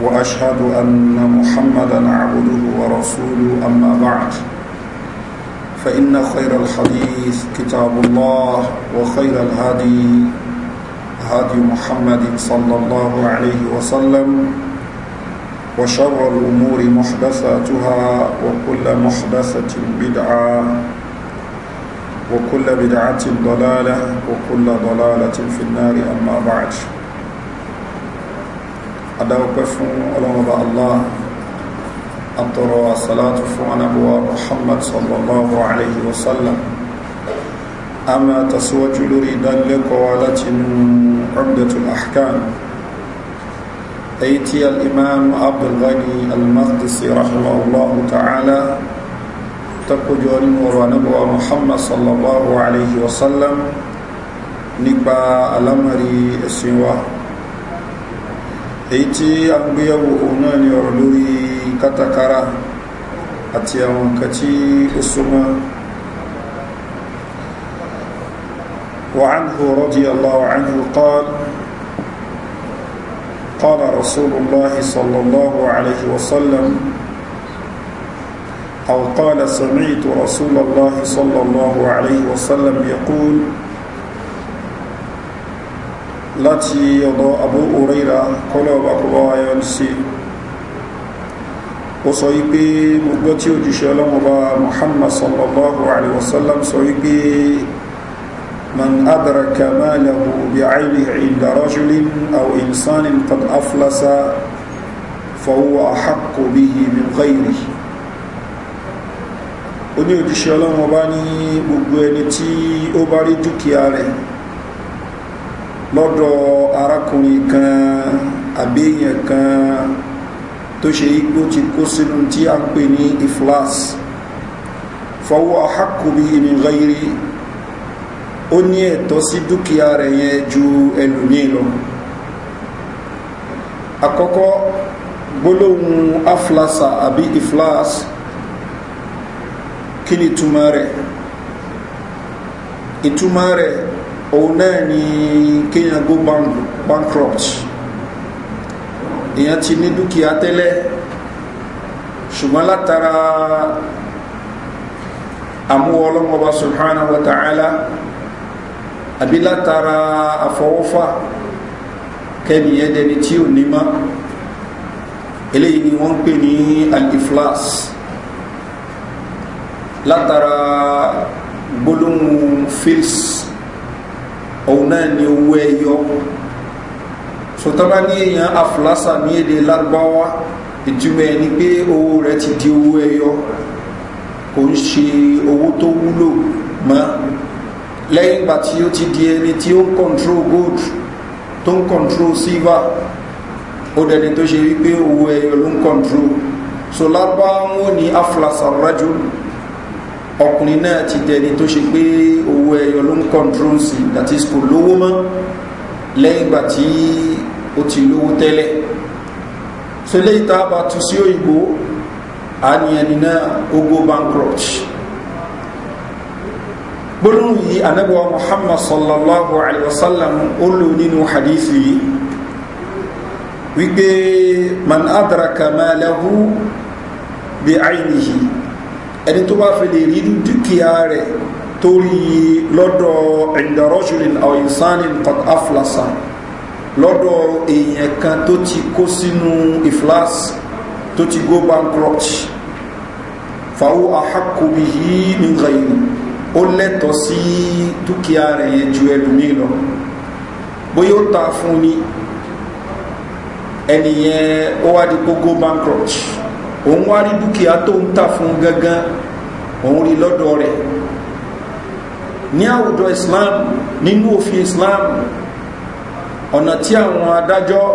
وأشهد أن محمدا عبده ورسوله أما بعد فإن خير الحديث كتاب الله وخير الهادي هادي محمد صلى الله عليه وسلم وشر الأمور محدثاتها وكل محدثة بدعة وكل بدعة ضلالة وكل ضلالة في النار أما بعد adáwọ̀pẹ́ fún ọlọ́mọba allah àtọrọ àsàlátù fún anábọ̀wà muhammad sallallahu alayhi wa sallam a máa tàṣíwájú lórí ìdánilẹ́kọ̀ọ́ láti inú ọ̀gbẹ̀tul ahkan èyí tí al'imam abdulghani al-maqdisi rahimahullahu ta'ala takójọ nínú ọ̀rọ̀ anábọ̀wà muhammad sallallahu alayhi wa sallam nípa alamari ẹ̀sìn èyí tí a ń gbéyàwó òun náà ni ọ̀rọ̀ lórí kátàkárà àti àwọn nǹkan tí وعنه رضي الله عنه قال قال رسول الله صلى الله عليه وسلم أو قال سمعت رسول الله صلى الله عليه وسلم يقول láti ọ̀dọ̀ abu oríra kọ́lọ̀ ọba kọba ayọ́n sí ó sọ wípé gbogbo tí òjúṣẹ́ ọlọ́mọba muhammad sallallahu alaihi wasallam sọ wípé man adaraka malahu bi aini inda rajulin aw insanin qad aflasa fa huwa ahaqqu bihi min ghayrihi ó ní òjúṣẹ́ ọlọ́mọba ní gbogbo ẹni tí ó bá rí dúkìá rẹ̀ lọ́dọ̀ arákùnrin kan àbíyàn kan tó ṣe igbó ti kó sínú tí a ń pè ní iflas fọwọ́ àhákùbí ìmì gáyírí ó ní ẹ̀tọ́ sí dúkìá rẹ̀ yẹn ju ẹlòmíì lọ àkọ́kọ́ gbólóhùn aflasa àbí iflas kí ni ìtumọ̀ rẹ̀ ìtumọ̀ rẹ̀ òun náà ni kéèyàn go bankrupt èèyàn ti ní dúkìá tẹ́lẹ̀ ṣùgbọ́n látara àmúwọ ọlọ́mọba subhanahu wa ta'ala àbí látara àfọwọ́fà kẹ́niyàn dẹni tí ò ní má eléyìí ni wọ́n ń pè ní aliflas iflas látara gbólóhùn fils òun náà ni owó ẹyọ sọtaba ní èèyàn afúlásà ní èdè lárúbáwá ìtumọ̀ ẹ̀ ni pé owó rẹ̀ ti di owó ẹyọ kò ń ṣe owó tó wúlò mọ́ lẹ́yìn ìgbà tí ó ti di ẹni tí ó ń kọ̀ntró gold tó ń kọ̀ntró silver ó dẹni tó ṣe wípé owó ẹyọ ló ń kọ̀ntró so lárúbáwá wọn ni afúlásà rájò ọkùnrin náà ti dẹni tó ṣe pé owó ẹyọ ló ń kọ́ńtró sí that is kò lówó mọ́ lẹ́yìn ìgbà tí ó ti lówó tẹ́lẹ̀ so lẹ́yìn tá a bá tu sí òyìnbó àníyànní náà ó go bankrupt gbólóhùn yìí anábíwá muhammad sallallahu alayhi wa sallam ó lò nínú hadith yìí wípé man adraka ma lahu bi ainihi ẹni tó bá fi lè rí dúkìá rẹ̀ torí lọ́dọ̀ ẹ̀ndọ̀rọ́ṣùlìn ọ̀yìnsánìn qad aflasa lọ́dọ̀ èèyàn kan tó ti kó sínú iflas tó ti go bankrupt fàwọ́ àhàkùnmíhì min ghayri ó lẹ́tọ̀ sí dúkìá rẹ̀ yẹn ju ẹlòmíì lọ bóyá ó ta fún ni ẹnìyẹn ó wá di kó go bankrupt òun wá rí dúkìá tó ń tà fún gangan òun rí lọ́dọ̀ rẹ̀ ní àwùjọ islam nínú òfin islam ọ̀nà tí àwọn adájọ́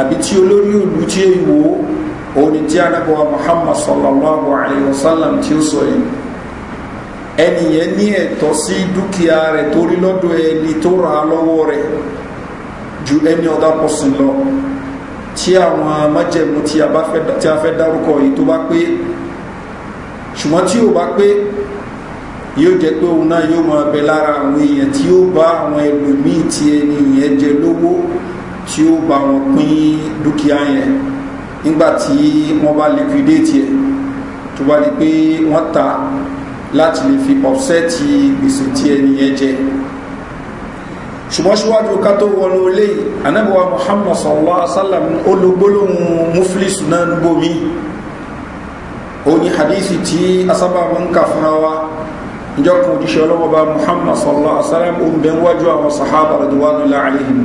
àbí tí olórí òlú tí ó wò ó òun ni tí anábọ̀wá muhammad sallallahu alayhi wa sallam tí ó sọ yìí ẹnìyẹn ní ẹ̀tọ́ sí dúkìá rẹ̀ torí lọ́dọ̀ ẹni tó ra lọ́wọ́ rẹ̀ ju any other lọ. tí àwọn májẹ̀mú tí a fẹ́ dárúkọ yìí tó bá pé ṣùgbọ́n tí ò bá pé yóò jẹ́ pé òun náà yóò máa bẹ lára àwọn èèyàn tí ó bá àwọn ẹlòmíì tí ẹni yẹn jẹ lówó tí ó bá wọn pín dúkìá yẹn nígbà tí wọ́n bá liquidate ẹ̀ tó bá di pé wọ́n ta láti lè fi offset gbèsè tí ẹni yẹn jẹ ṣùgbọ́n ṣíwájú ká tó wọnú ilé anábíwá muhammad sallallahu alaihi wasallam olùgbólóhùn muflis náà ń bomi ó ní hadithi tí asábà mọ́ ń kà fúnra wa ìjọkùn òjíṣẹ́ ọlọ́wọ́ bá muhammad sallallahu alaihi wasallam ó ń bẹ wájú àwọn sahaba radwanu la'alihim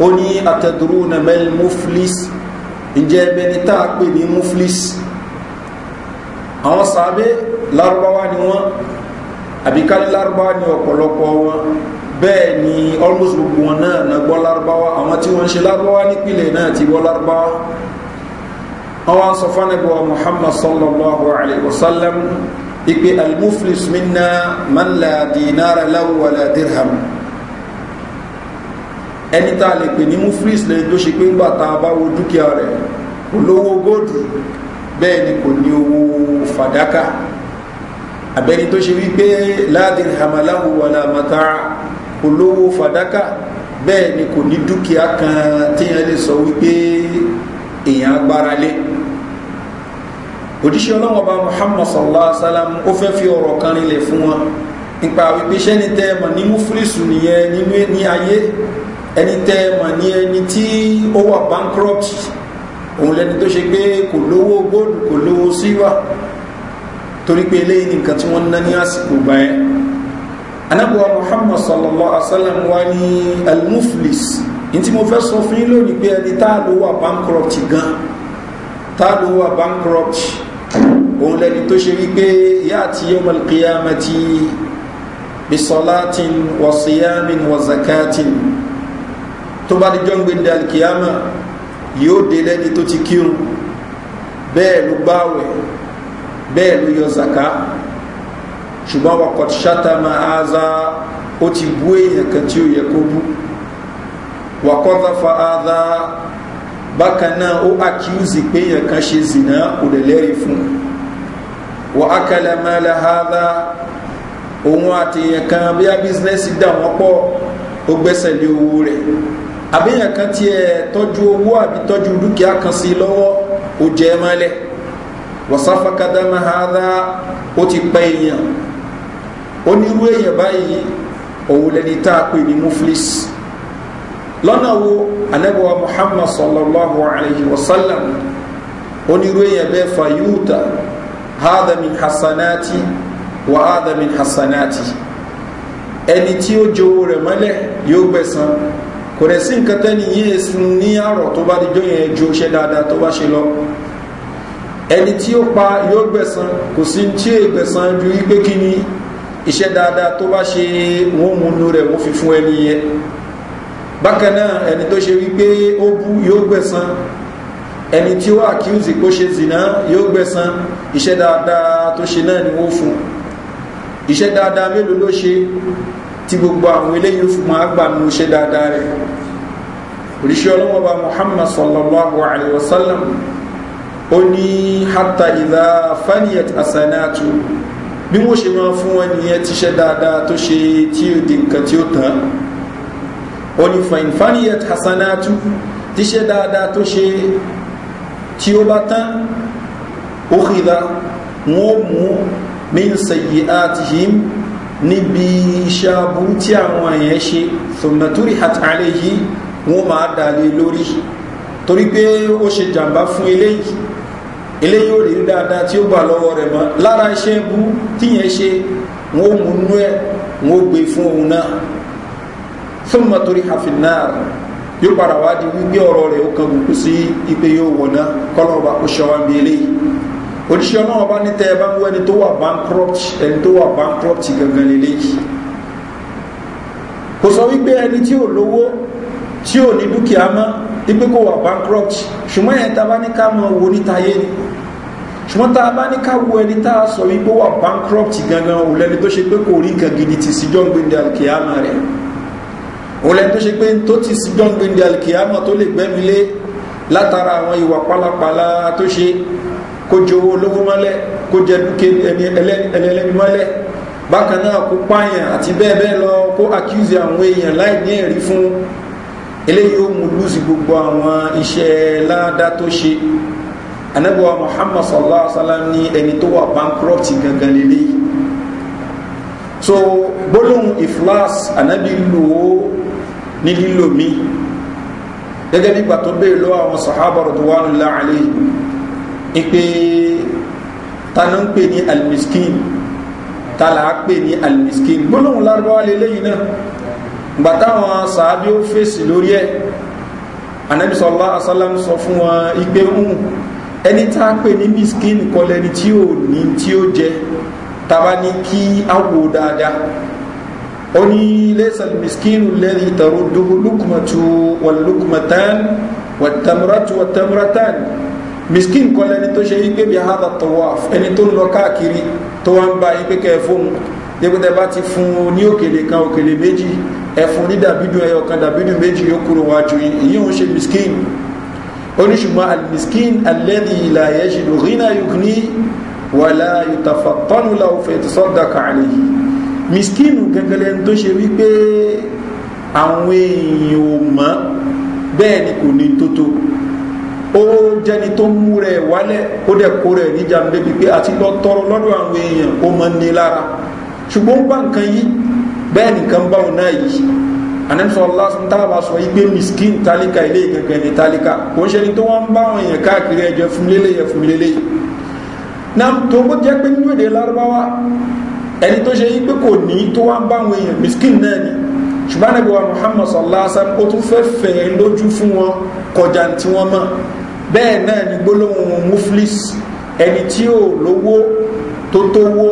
ó ní atadruna mel muflis ǹjẹ́ ẹbẹni tá a muflis àwọn sàábé lárúbáwá ni wọ́n àbíkálí lárúbáwá ni ọ̀pọ̀lọpọ̀ wọn bẹ́ẹ̀ ni almost gbogbo wọn náà na gbọ́ lárúbáwá àwọn tí wọ́n ń ṣe lárúbáwá nípìnlẹ̀ náà ti gbọ́ lárúbáwá àwọn sọ fánàbíwá muhammad sallallahu alayhi wa sallam ipe almuflis minna man dinara lahu dirham ẹni tá a lè pè ní muflis lè tó ṣe pé ńgbà tá a bá wo dúkìá rẹ̀ olówó góòdù bẹ́ẹ̀ ni kò ní owó fàdákà abẹ́ni tó ṣe wípé la dirham lahu la kò lówó fàdákà bẹ́ẹ̀ ni kò ní dúkìá kan téèyàn lè sọ wípé èèyàn agbára lé òjíṣẹ́ ọlọ́wọ́n bá muhammad sallallahu alaihi wa sallam ó fẹ́ fi ọ̀rọ̀ kan rinlẹ̀ fún wọn nípa wípé sẹ́ni tẹ́ ẹ mọ̀ ní mufilisu nìyẹn nínú ní ayé ẹni tẹ́ ẹ mọ̀ ní ẹni tí ó wà bankrupt òun lẹni tó ṣe pé kò lówó góòlù kò lówó sílvà torí pé eléyìí nìkan tí wọ́n ń ná ní àsìkò gbà anábọ̀wá muhammad sallallahu alaihi wa sallam wa ní almuflis ní tí mo fẹ́ sọ fún yín lónìí pé ẹni tá a ló wà bankrupt gan tá a ló wà bankrupt òun lẹni tó ṣe wípé ìyá àti yọmọ alqiyamati bisalatin wa siyamin tó bá di jọ́ngbẹ̀ndẹ̀ alkiyama yóò dé lẹ́ni tó ti kírun bẹ́ẹ̀ ló gbáwẹ̀ bẹ́ẹ̀ ló yọ zaka ṣùgbọ́n wakọ̀ ṣátàmà áza ó ti bú èèyàn kan tí ó yẹ kó bú wakọ̀ zafa áza bákan náà ó àkíyèsí pé èèyàn kan ṣe zìnà kò dẹ̀ lẹ́rìí fún wa akala mala áza òun àti èèyàn kan bí a bísínẹ́sì dà wọ́n pọ̀ ó gbẹ́sẹ̀ lé owó rẹ̀ àbí èèyàn kan tiẹ̀ tọ́jú owó àbí tọ́jú dúkìá kan sí lọ́wọ́ ó jẹ́ mọ́lẹ̀ wàsáfàkàdàmà áza ó ti pẹ́ èèyàn onírú èèyàn báyìí òun lẹni tá a pè ní muflis lọ́nà wo anabiwa muhammad sallallahu alayhi wa sallam onírú èèyàn bẹ́ẹ̀ fayuta hadha min hasanati wa hadha min hasanati ẹni tí ó jowó rẹ̀ mọ́lẹ̀ yóò gbẹ̀san kò rẹ̀ sí nǹkan tẹ́ni yíyẹ ní àrọ̀ tó bá dijọ́ yẹn ju ṣe dáadáa tó bá ṣe lọ ẹni tí ó pa yóò gbẹ̀san kò sí tí ó gbẹ̀san ju wípé kí ni iṣẹ́ dáadáa tó bá ṣe wọ́n mú nú rẹ̀ wọ́n fi fún ẹni yẹn bákan náà ẹni tó ṣe wípé ó bú yóò gbẹ̀san ẹni tí ó accuse pé ó ṣe zìnà yóò gbẹ̀san iṣẹ́ dáadáa tó ṣe náà ni wọ́n fún iṣẹ́ dáadáa mélòó ló ṣe tí gbogbo àwọn eléyìí fún máa gbà iṣẹ́ dáadáa rẹ̀ oríṣi ọlọ́wọ́ muhammad sallallahu alayhi wa sallam ó ní hatta ìdá faniyat asanatu bí wọ́n ṣe máa fún wọn nìyẹn ti ṣe dáadáa tó ṣe tí ó di nǹkan tí ó tán ó ní fainfaniyat hasanatu ti ṣe dáadáa tó ṣe tí ó bá tán ó xìlá wọn ó mú min sayi atihim níbi iṣẹ́ aburú tí àwọn èèyàn ṣe sọ̀nàtúrì àtàlẹ́ yìí wọ́n máa dàlé lórí torí pé ó ṣe jàǹbá fún eléyìí eléyìí ò rí dáadáa tí ó gbà lọ́wọ́ rẹ̀ mọ́ lára iṣẹ́ bú tíyẹn ṣe wọn ò mú nú ẹ̀ wọn ò gbé e fún òun náà fún mọ́tòrí àfin náà yóò padà wá di wípé ọ̀rọ̀ rẹ̀ ó kan bùkú sí ipe yóò wọ̀ náà kọ́lọ́ ọba kó ṣọwá bí eléyìí oníṣẹ́ ọlọ́wọ́ bá ní tẹ́ ẹ bá ń wọ ẹni tó wà bankrupt ẹni tó wà bankrupt gangan lélẹ́yìí kò sọ wípé ẹni tí ò lówó tí ò ní dúkìá mọ́ ipe kò wà bankrupt ṣùgbọ́n ẹ̀ tá a bá ní ká mọ owó níta yé ni ṣùgbọ́n tá a bá ní káwo ẹni tá a sọ wípé wà bankrupt gangan ò lẹni tó ṣe pé kò rí nǹkan gidi ti síjọ́ ń gbéńdé alkiyama rẹ̀ ò lẹni tó ṣe pé tó ti síjọ́ ń gbéńdé alkiyama tó lè gbẹ́mi lé látara àwọn ìwà pálapàla tó ṣe kó jowó olówó mọ́lẹ̀ kó jẹ dúkìá ẹlẹ́ni mọ́lẹ̀ bákan náà kó pààyàn àti bẹ́ẹ̀ bẹ́ẹ̀ lọ kó accuse àwọn èèyàn láì ní ẹ̀rí fún eléyìí ó mú lùsì gbogbo àwọn iṣẹ́ ládàá tó ṣe anabiwa muhammad sallallahu alaihi wasallam ni ẹni tó wà bankrupt gangan lélẹ̀ so gbólóhùn iflas anabi lò ó ní lílo mi gẹ́gẹ́ bí gbàtọ́ bẹ́ẹ̀ lọ́wọ́ àwọn sahaba radwanullahi alaihim ipe tanu ń pè ní almiskin tala á pè ní almiskin gbólóhùn lárúbáwá lélẹ́yìn náà gbàtàwọn sàábí ó fèsì lórí ẹ̀ anabi sallallahu alaihi wa sallam sọ fún wọn ipe ń hùn ẹni tá a pè ní miskin kan lẹni tí ò ní tí ó jẹ tàbá ní kí á wò dáadáa ó ní lẹ́sàn miskin lẹ́ni ìtàró dúró lukumatu wàlúkumatan wàtàmúratu wàtàmúratan miskin kan lẹni tó ṣe wípé bí hada tawaf ẹni tó ń lọ káàkiri tó wá ń ba ipe kẹ fún un débùtẹ́ bá ti fún un ní òkèlè kan òkèlè méjì ẹ̀fún ní dàbídùn ẹyọ kan dàbídùn méjì yóò kúrò wájú yìí èyí ò ń ṣe miskin oníṣùgbọ́n almiskin alẹ́dì ìlàyẹ̀ ṣìlò rínà yukni wà láàyè tàfàtọ́nù láwùfẹ́ ti sọ́dà kààlẹ̀ yìí miskin gẹ́gẹ́lẹ́ tó ṣe wípé àwọn èèyàn ò mọ́ bẹ́ẹ̀ ni kò ní tótó ó jẹ́ni tó mú rẹ̀ wálẹ̀ ó dẹ̀ kó rẹ̀ níjà ń débi pé àti lọ tọrọ lọ́dọ̀ àwọn èèyàn ó mọ́ ní lára ṣùgbọ́n bá nǹkan yìí bẹ́ẹ̀ nìkan báwọn náà yìí anẹ́sọ̀ lásán tábà sọ igbe miskin talika ilé ìgẹ̀gẹ̀ ní talika kò ń ṣe ni tó wọ́n ń bá àwọn èèyàn káàkiri ẹjọ́ fún lélẹ̀ yẹ fún lélẹ̀ náà tó bó jẹ́ pé nínú èdè lárúbáwá ẹni tó ṣe igbe kò ní tó wá bá àwọn èèyàn miskin náà ni ṣùgbọ́n ànábì wa muhammad sallásá ó tún fẹ́ fẹ́ lójú fún wọn kọjá tí wọ́n mọ̀ bẹ́ẹ̀ náà ni gbólóhùn muflis ẹni tí ò lówó tó tówó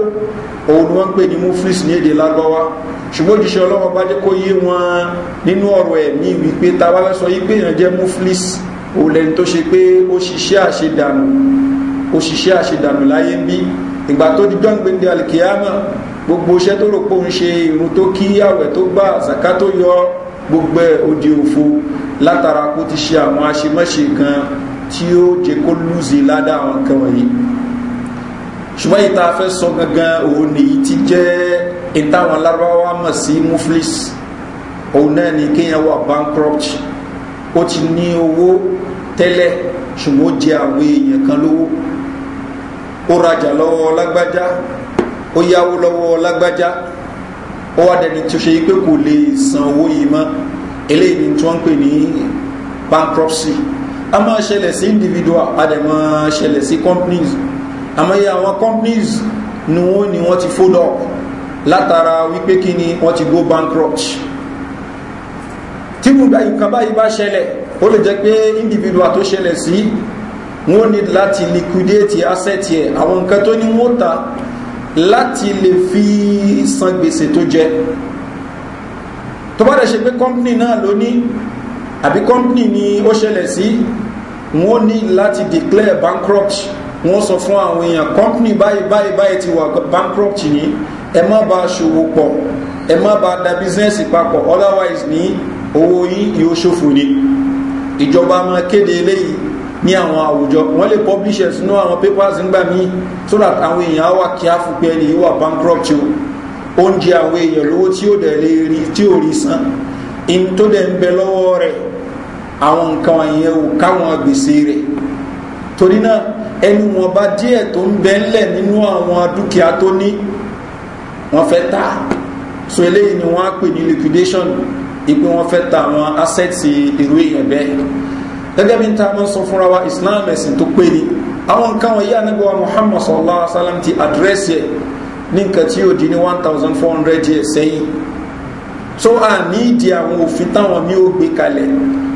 òun ni wọ́n pè ní muflis ní èdè lárúbáwá ṣùgbọ́n òjíṣẹ́ ọlọ́wọ́ bá jẹ́ kó yé wọn nínú ọ̀rọ̀ ẹ̀mí wípé ta bá fẹ́ sọ yí pé èèyàn jẹ́ muflis ò lẹ́ni tó ṣe pé ó ṣiṣẹ́ àṣedànù ó ṣiṣẹ́ àṣedànù láyé ń bí ìgbà tó di gbọ́ngbẹ̀ndẹ̀ alikiyama gbogbo iṣẹ́ tó rò pé òun ṣe irun tó kí àwẹ̀ tó gbà zaka tó yọ gbogbo òde òfo látara kó ti ṣe àwọn aṣemáṣe kan tí ó jẹ kó lùzì ládàá àwọn kan wọ̀nyí ṣùgbọ́n ìta fẹ́ sọ gangan òun nìyí ti jẹ́ ìtàwọn larabawa mọ̀ sí muflis òun náà ni kéèyàn wà bankrupt ó ti ní owó tẹ́lẹ̀ ṣùgbọ́n ó jẹ àwọn èèyàn kan lówó ó rajà lọ́wọ́ lágbájá ó yáwó lọ́wọ́ lágbájá ó wá dẹni tó ṣe pé kò lè san owó yìí mọ́ eléyìí ni tí wọ́n ń pè ní bankruptcy a máa ṣẹlẹ̀ sí individual a dẹ̀ máa ṣẹlẹ̀ sí companies àmọ́ yẹ àwọn companies ni wọ́n ti fold up látara wípé kí ni wọ́n ti go bankrupt tí gbogbo nǹkan báyìí bá ṣẹlẹ̀ ó lè jẹ́ pé individual tó ṣẹlẹ̀ sí wọ́n ní láti liquidate asset yẹ àwọn nǹkan tó ní wọ́n ta láti lè fi san gbèsè tó jẹ tó bá dẹ̀ ṣe pé company náà ló ní àbí company ni ó ṣẹlẹ̀ sí wọ́n ní láti declare bankrupt wọ́n sọ fún àwọn èèyàn company báyìí báyìí báyìí ti wà bankrupt yìí ẹ má ba ṣòwò pọ̀ ẹ má ba da bísínẹ́sì papọ̀ otherwise ní owó yín yóò ṣòfò ni ìjọba máa kéde eléyìí ní àwọn àwùjọ wọ́n lè publishers nínú àwọn papers ńgbà míì so that àwọn èèyàn wà kí á fún pé ẹni wà bankrupt o oúnjẹ àwọn èèyàn lówó tí ó dẹ̀ lè rí tí ò rí san in tó dẹ̀ ń bẹ lọ́wọ́ rẹ̀ àwọn nǹkan àyẹ̀wò káwọn gbèsè rẹ̀ torí náà ẹnu wọn bá díẹ̀ tó ń bẹ nínú àwọn dúkìá tó ní wọ́n fẹ́ ta so eléyìí ni wọ́n á pè ní liquidation ipe wọ́n fẹ́ ta àwọn assets irú èèyàn bẹ́ẹ̀ gẹ́gẹ́ bí n ta mọ́ sọ fúnra wa islam ẹ̀sìn tó pé ni àwọn nǹkan wọ̀nyí anábíwá muhammad sallallahu alaihi wa sallam ti àdírẹ́sì ẹ̀ ní nǹkan tí yóò di ní one thousand four hundred years sẹ́yìn so a ní ìdí àwọn òfin táwọn mi ò gbé kalẹ̀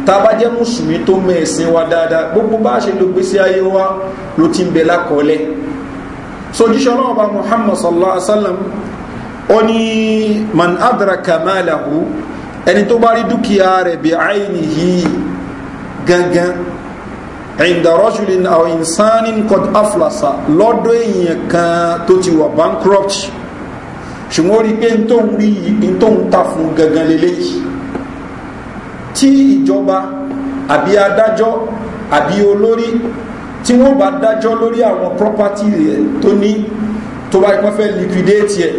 tába jẹ́ mùsùlùmí tó mọ ẹ̀sìn wa dáadáa gbogbo bá a ṣe lo gbèsè ayé wa ló ti ń bẹ lákọọ́lẹ̀ sojúṣọ́ náà bá muhammad sallallahu alaihi wa sallam ó ní man adraka malahu ẹni tó bá rí dúkìá rẹ̀ bí àìníhì gangan inda rajulin aw insanin qad aflasa lọ́dọ̀ èèyàn kan tó ti wà bankrupt ṣùgbọ́n ó rí pé ntóhun rí ntóhun ta fún gangan lélẹ́yìí tí ìjọba àbí adájọ́ àbí olórí tí wọ́n bá dájọ́ lórí àwọn property rẹ̀ tó ní tó bá ipá fẹ́ liquidate ẹ̀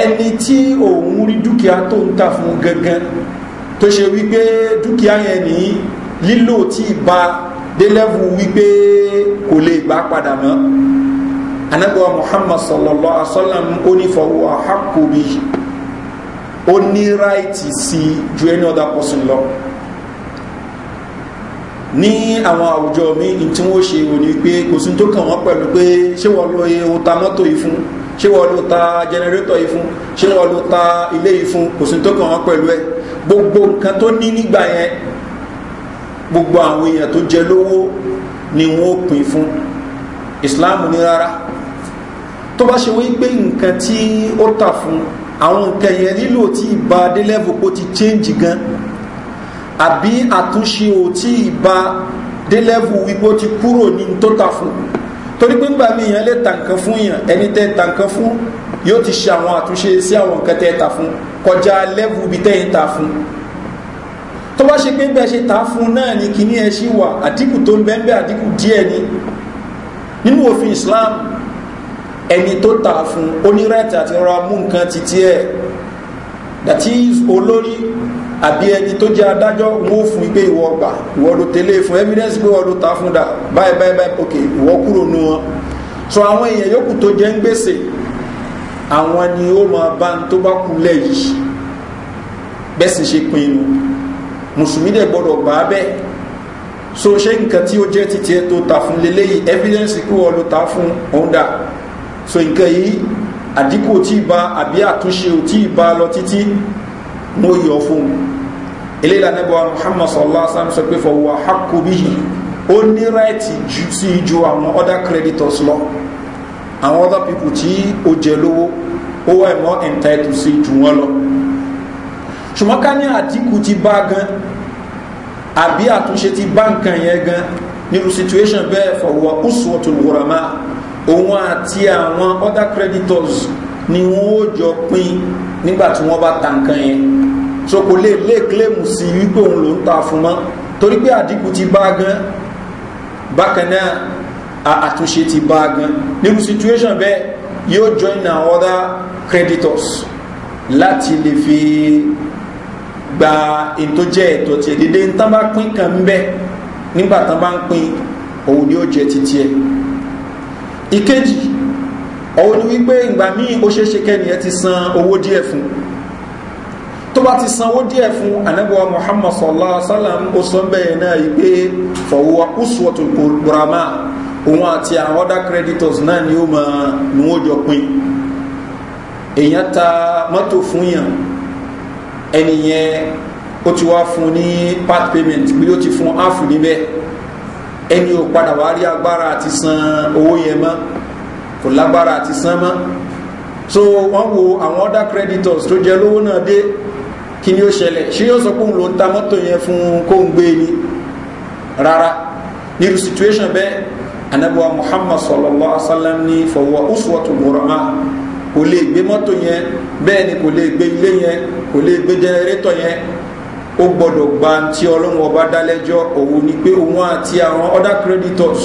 ẹni tí òun rí dúkìá tó ń ta fún gangan tó ṣe wípé dúkìá yẹn ní lílò tí ìbá délẹ́vù wípé kò lè gbà padà mọ́ anagba muhammad sallallahu alaihi wa sallam ó ní fọwọ́ àhàkùbí ó ní ráìtì sí ju any other person lọ ní àwọn àwùjọ mi tí wọ́n ṣe òní pé kò sí tó kàn wọ́n pẹ̀lú pé ṣé wọ́n lóye ó ta mọ́tò yìí fún un ṣé wọ́n ló ta jẹnẹrétọ̀ yìí fún ṣé wọ́n ló ta ilé yìí fún kò sí tó kàn wọ́n pẹ̀lú ẹ gbogbo nǹkan tó ní nígbà yẹn gbogbo àwọn èèyàn tó jẹ lówó ni wọn ó pín fún Islam ní rárá tó bá ṣe wí pé nǹkan tí ó tà fún àwọn nǹkan yẹn nílò tí ìbá délẹ́vù kó ti change gan àbí àtúnṣe ò tí ìbá délẹ́vù wípé ó ti kúrò ní tó tà fún torí pé gbà mí yẹn lè ta nǹkan fún yàn ẹni tẹ́ ta nǹkan fún yóò ti ṣe àwọn àtúnṣe sí àwọn nǹkan tẹ́ ta fún kọjá lẹ́bù bí tẹ́yìn ta fún tó bá ṣe pé bẹ́ẹ̀ ṣe ta fún náà ni kíní ẹ ṣì wà àdínkù tó ń bẹ́ẹ̀ bẹ́ẹ̀ àdínkù díẹ̀ ni nínú òfin Islam ẹni tó ta fún onírẹ́tì àti rọra mú nǹkan ẹ̀ that olórí àbí ẹni tó jẹ́ adájọ́ wó fún pé ìwọ gbà ìwọ ló tẹ́lẹ̀ e fún evidence pé ìwọ ló ta fún dà báyìí báyìí báyìí ok ìwọ kúrò nu wọn so àwọn èèyàn yòókù tó jẹ́ ń gbèsè àwọn ni ó máa bá ń tó bá kú lẹ̀ bẹ́ẹ̀ sì ṣe pinnu mùsùlùmí dẹ̀ gbọ́dọ̀ gbà á bẹ́ẹ̀ so ṣé nǹkan tí ó jẹ́ títí ẹ tó ta fún leléyìí evidence pé ìwọ ló ta fún òun dà so nǹkan yìí àdínkù ò tí ì ba àbí àtúnṣe ò tí ì ba lọ títí ní ó yọ fún un ilé ìlànà ìbọn Muhammad sallallahu alaihi wasallam sọ pé fọwọ́ hakubihi ó ní ráìtì sí ju àwọn other creditors lọ àwọn other people tí ó jẹ lówó ó wà mọ́ entitled sí ju wọn lọ ṣùgbọ́n ká ní àdínkù ti bá gan àbí àtúnṣe ti bá nǹkan yẹn gan nínú situation bẹ́ẹ̀ fọwọ́ uswatul ghurama òun àti àwọn other creditors ni wọ́n ó jọ pín nígbà tí wọ́n bá ta nǹkan yẹn so kò lè lé kílèmù sí wípé òun ló ń ta fún mọ́ torí pé àdínkù ti bá gan bákan náà àtúnṣe ti bá gan nínú situation bẹ́ẹ̀ yóò join our other creditors láti lè fi gba ètò jẹ́ ẹ̀tọ́ tiẹ̀ dédé ń tán bá pín kan ń bẹ́ nígbà tán bá ń pín òun ni ó jẹ́ titi ẹ̀ ìkejì ọ̀hún ni wípé ìgbà míì ó ṣeéṣe kẹ́niyẹ ti san owó díẹ̀ fún tó bá ti san owó díẹ̀ fún anábọ̀wá muhammad sallallahu alaihi wa sallam ó sọ bẹ́ẹ̀ náà yìí pé fọwọ́ uswatul burama òun àti àwọn other creditors náà ni ó máa ní wọ́n jọ pin èèyàn ta mọ́tò fún yàn ẹni ó ti wá fún ní part payment bí ó ti fún áàfù níbẹ̀ ẹni ò padà wá rí agbára àti san owó yẹn mọ́ kò lágbára àti san mọ́ so wọ́n wo àwọn other creditors tó jẹ lówó náà dé kí ni ó ṣẹlẹ̀ ṣé yóò sọ pé òun ló ń ta mọ́tò yẹn fún kó ń gbé ni rárá nírú situation bẹ́ẹ̀ anabuwa muhammad sallallahu alaihi wa sallam ní fọwọ́ uswatu murama kò lè gbé mọ́tò yẹn bẹ́ẹ̀ ni kò lè gbé ilé yẹn kò lè gbé jẹnẹrétọ̀ yẹn ó gbọ́dọ̀ gba tí ọlọ́run ọba dálẹ́jọ́ òun ni pé òun àti àwọn other creditors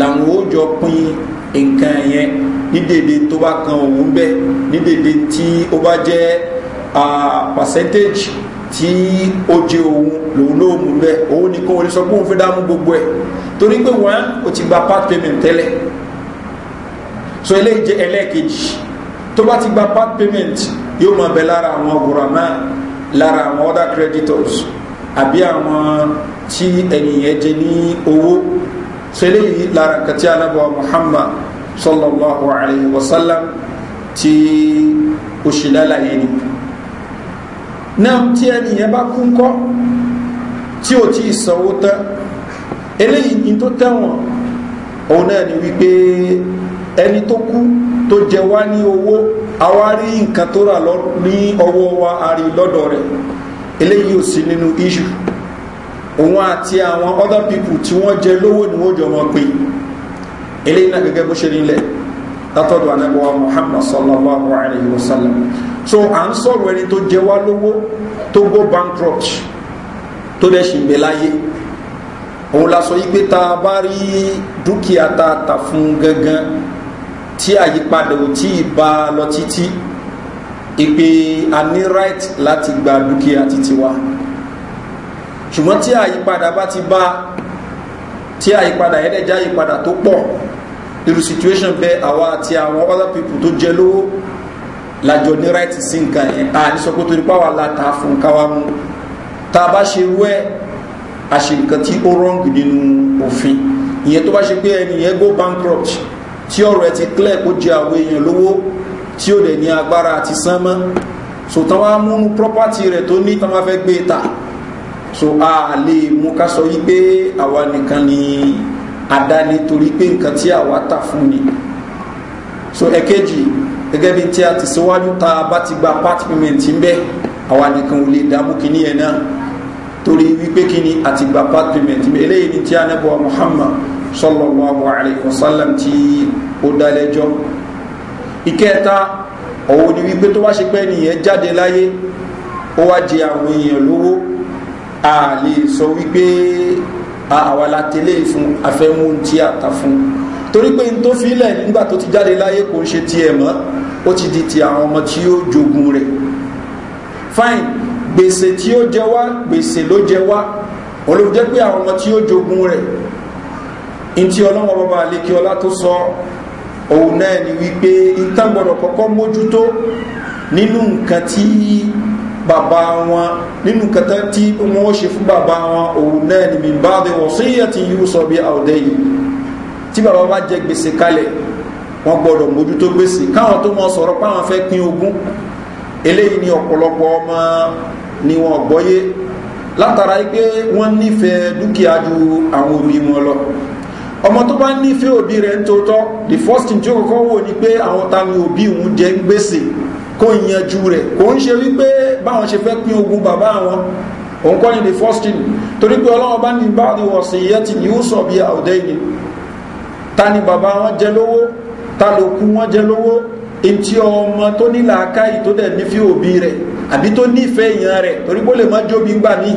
làwọn ó jọ pin nǹkan yẹn ní dèdè tó bá kan òun bẹ́ẹ̀ ní dèdè tí ó bá jẹ́ percentage tí ó jẹ òun lòun ló mú bẹ́ẹ̀ òun ni kò wọlé sọ pé òun fẹ́ dáhùn gbogbo ẹ̀ torí pé wọ́n ó ti gba part payment tẹ́lẹ̀ so eléyìí jẹ́ ẹlẹ́ẹ̀kejì tó bá ti gba part payment yóò máa bẹ lára àwọn gùràmà lára àwọn other creditors àbí àwọn tí ẹnìyẹn jẹ ní owó sẹ́lẹ̀ yìí lára nǹkan tí anábọ̀ muhammad sallallahu alayhi wa sallam tí ó ṣe lálàyé ni náà tí ẹnìyẹn bá kú ńkọ́ tí ò tí ì sanwó tán eléyìí ní tó tẹ̀wọ̀n òun náà ni wípé ẹni tó kú tó jẹ wá ní owó wa àrí lọ́dọ̀ rẹ̀ eléyìí ò sí nínú issue òun àti àwọn other people tí wọ́n jẹ lówó ni wọ́n jọ wọn pé eléyìí náà gẹ́gẹ́ bó ṣe nílẹ̀ látọ̀dọ̀ anábọ̀wá muhammad sallallahu alayhi wa sallam so à ń sọ̀rọ̀ ẹni tó jẹ wá lówó tó go bankrupt tó dẹ̀ ṣì ń bẹ láyé òun la sọ yí pé tá a bá rí dúkìá tá a ta fún gangan tí àyípadà ò tí ì bá lọ títí ìpè a ní right láti gba dúkìá títí wa ṣùgbọ́n tí àyípadà bá ti bá tí àyípadà yẹn dẹ̀ já àyípadà tó pọ̀ irú situation bẹ́ẹ̀ àwa àti àwọn other people tó jẹ lówó lájọ ní right sí nǹkan yẹn a ní sọ pé torí pàwọn aláta fún káwa mú tá a bá ṣe irú ẹ̀ àṣe nǹkan tí ó wrong nínú òfin ìyẹn tó bá ṣe pé ẹni yẹn go bankrupt tí ọ̀rọ̀ ẹ̀ ti clear kó jẹ àwọn èèyàn lówó tí ó dẹ̀ ní agbára àti sánmọ́ so táwọn amúnú property rẹ̀ tó ní táwọn fẹ́ gbé e ta so a lè mú ká sọ yí pé àwa nìkan ni àdáni torí pé nǹkan tí àwa tà fún ni so ẹ̀kejì gẹ́gẹ́ bí tí a ti síwájú tá a bá ti gba part payment ń bẹ́ àwa nìkan ò lè dààmú kíní yẹn náà torí wípé kíní àti gba part payment ń bẹ́ eléyìí ni tí a Muhammad sallallahu alayhi wa sallam tí ó dálẹ́jọ́ ìkẹta òun ni wípé tó wá ṣe pé nìyẹn jáde láyé ó wá jẹ àwọn èèyàn lówó a lè sọ wípé àwa la tẹ́lẹ̀ e fún afẹ́mú tí a ta fún torí pé n tó filẹ̀ nígbà tó ti jáde láyé kò ń ṣe tiẹ̀ mọ́ ó ti di ti àwọn ọmọ tí ó jogun rẹ̀ fine gbèsè tí ó jẹ wá gbèsè ló jẹ wá olùjẹ́ pé àwọn ọmọ tí ó jogun rẹ̀ ntí ọlọ́wọ́ bàbá àlékí ọlá tó sọ òun náà ni wípé ìtàgbọ̀dọ̀ kọ́kọ́ mójútó nínú nǹkan tí bàbá wọn nínú kẹta tí wọ́n ṣe fún bàbá wọn òun náà ni min ba'di wasiyatin yusa biha aw dayn tí bàbá bá jẹ gbèsè kalẹ̀ wọ́n gbọ́dọ̀ mójútó gbèsè káwọn tó mọ sọ̀rọ̀ páwọn fẹ́ pín ogún eléyìí ni ọ̀pọ̀lọpọ̀ ọmọ ni wọ́n gbọ́yé látara pé wọ́n nífẹ̀ẹ́ dúkìá ju àwọn òbí wọn lọ ọmọ tó bá nífẹ̀ẹ́ òbí rẹ̀ ń tóótọ́ the first thing tí ó kọ́kọ́ wò ni pé àwọn ta òbí òun jẹ gbèsè kó yanjú rẹ̀ kò ń ṣe wípé báwọn ṣe fẹ́ pín ogun bàbá àwọn òun kọ́ ni the first thing torí pé ọlọ́wọ́ bá ní bá ní wọ̀sìn ìyẹ́ ti ní ó sọ bí àwùdẹ́ ìní ta ni bàbá wọn jẹ lówó ta ló kú wọn jẹ lówó ntí ọmọ tó ní làákàyè tó dẹ̀ nífẹ̀ẹ́ òbí rẹ̀ àbí tó nífẹ̀ẹ́ èèyàn rẹ̀ torí pé ó lè má jóbi gbà míì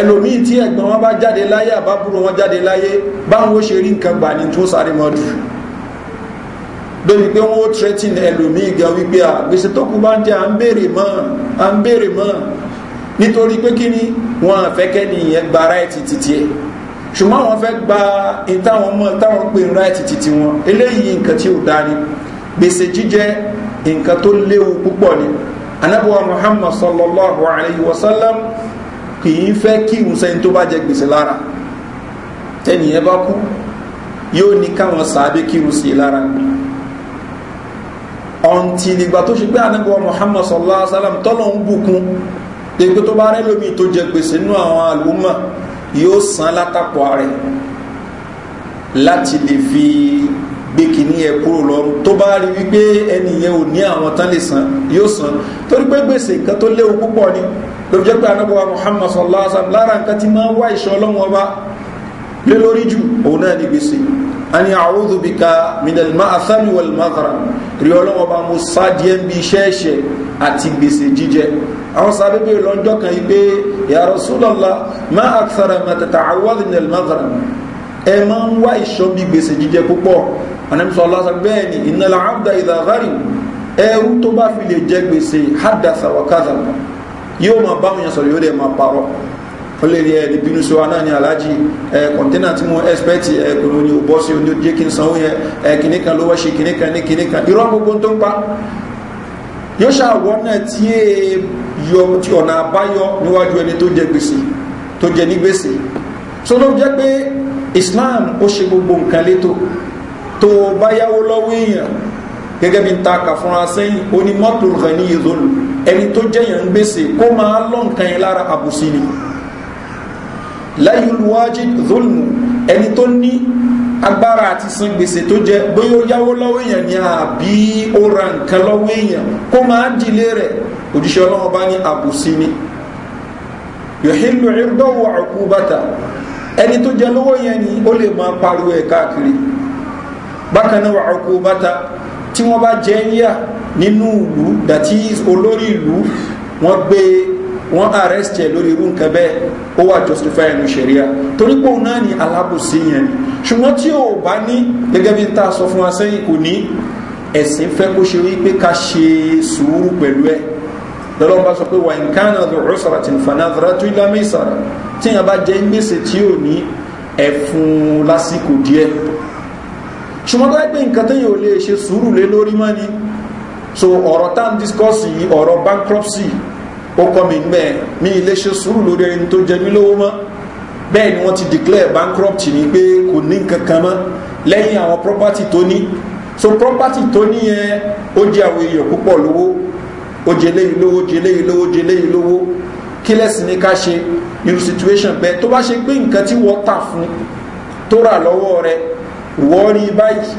ẹlòmíì tí ẹ̀gbọ́n wọn bá jáde láyé àbábúrò wọn jáde láyé báwọn ó ṣe rí nǹkan gbà ní tó sáré mọ́dù lórí pé wọ́n ó threaten ẹlòmíì ga wípé à gbèsè tó kú bá ń jẹ́ à ń béèrè mọ́ à ń béèrè mọ́ nítorí pé kí ni wọn àfẹ́kẹ́ nìyẹn gba ráìtì títí ẹ̀ ṣùgbọ́n àwọn fẹ́ gba ìtawọn mọ́ táwọn pè ń ráìtì títí wọn eléyìí nǹkan tí ò dá ni gbèsè jíjẹ́ nǹkan tó léwu púpọ̀ ni anábọ̀wá muhammad sallallahu alayhi wa sallam kì í fẹ́ kí ìwùsẹ́ni tó bá jẹ gbèsè lára tẹ́nìyẹn bá kú yóò ní káwọn sàábé kírun sí lára gbìn ọ̀ǹtì ìgbà tó ṣe pé ànábọ̀ muhammad sallallahu alaihi wasallam tọ́lọ̀ ń bùkún èpè tó bá rẹ́ lómi tó jẹ gbèsè nínú àwọn àlùmọ̀ yóò san látàpọ̀ rẹ̀ láti lè fi gbé kìíní yẹn kúrò lọ́rùn tó bá rí wípé ẹni yẹn ò ní àwọn tán lè san yóò san torí pé gbèsè nǹkan tó léwu púpọ̀ ni ló jẹ́ pé ànábọ̀ muhammad sallallahu alaihi wasallam lára nǹkan tí máa ń wá ìṣọ́ ọlọ́wọ́n bá lé lórí jù òun náà ní gbèsè ani àwùjọ bìkà minal ma'athami wal rí ọlọ́wọ́ bá mo sá díẹ̀ bí iṣẹ́ ẹ̀ṣẹ̀ àti gbèsè jíjẹ àwọn sábẹ́ bẹ́ẹ̀ lọ́njọ́ kan yìí pé ya Rasulullah má àkàrà mà tàtà àwọ̀dì nà lọ́gàrà ẹ máa ń wá ìṣọ́ bí gbèsè jíjẹ púpọ̀ ànàmísọ̀ ọlọ́sà bẹ́ẹ̀ ni innal abda idha ghari ẹrú tó bá fi lè jẹ gbèsè haddatha wa yóò máa bá wọn yẹn sọ̀rọ̀ yóò dẹ̀ máa parọ́ ó lè rí ẹni bínú sí wa náà ní aláàjì ẹ kọ̀ǹtẹ́nà tí mo ẹ́spẹ́tì ẹ kò ní òbọ́ sí oní jẹ́ kí n sanwó yẹn ẹ kìíní kan ló wá ṣe kìíní kan ní kìíní kan irọ́ gbogbo tó ń pa yóò ṣàwọ́ náà tí è yọ tí ọ̀nà àbáyọ níwájú ẹni tó jẹ gbèsè tó jẹ ní gbèsè so ló jẹ́ pé Islam ó ṣe gbogbo nǹkan létò tó bá yáwó lọ́wọ́ èèyàn gẹ́gẹ́ bí n ta kà fúnra sẹ́yìn ó ní mọ́tò rẹ̀ ní ìzòlù ẹni tó jẹ́yàn ń gbèsè kó máa lọ́ nǹkan yẹn lára àbùsí ni láyùlùwájì zulmù ẹni tó ní agbára àti san gbèsè tó jẹ bóyá yáwó lọ́wọ́ èèyàn ni àbí ó ra nǹkan lọ́wọ́ èèyàn kó máa dìlé rẹ̀ òjíṣẹ́ ọlọ́run bá ní àbòsí ni yòhílù ìrúdọ́wọ̀ àkú bàtà ẹni tó jẹ lọ́wọ́ yẹn ni ó lè máa pariwo ẹ̀ káàkiri bákan náà wà àkú bàtà tí wọ́n bá jẹ́ yíyà nínú ìlú dàtí olórí ìlú wọ́n arrest ẹ̀ lórí irú nǹkan bẹ́ẹ̀ ó wà justify ẹnu ṣẹ̀ríà torí pé òun náà ni alábòsí yẹn ṣùgbọ́n tí ò bá ní gẹ́gẹ́ bí tá a sọ fún wa sẹ́yìn kò ní ẹ̀sìn fẹ́ kó ṣe wí pé ká ṣe sùúrù pẹ̀lú ẹ̀ lọ́lọ́run bá sọ pé wà nǹkan àdó ọ̀sàrà tí fanadara tó ilá mẹ́sàrà tí yẹn bá jẹ́ gbèsè tí ò ní ẹ̀fun lásìkò díẹ̀ ṣùgbọ́n tó pé nǹkan tó yẹ lè ṣe sùúrù lé lórí mọ́ ni so ọ̀rọ̀ tá à ń discuss yìí ọ̀rọ̀ bankruptcy ó kọ́ mi gbẹ́ mi ilé ṣe sùúrù lórí ẹni tó jẹ mí lówó mọ́ bẹ́ẹ̀ ni wọ́n ti declare bankrupt ni pé kò ní kankan mọ́ lẹ́yìn àwọn property tó ní so property tó ní yẹn ó jẹ àwọn èèyàn púpọ̀ lówó ó jẹ léyìn lówó jẹ léyìn lówó jẹ léyìn lówó kí lẹ́sìn ní ká ṣe irú situation bẹ́ẹ̀ tó bá ṣe pé nǹkan tí wọ́n tà fún tó rà lọ́wọ́ rẹ wọ́n rí báyìí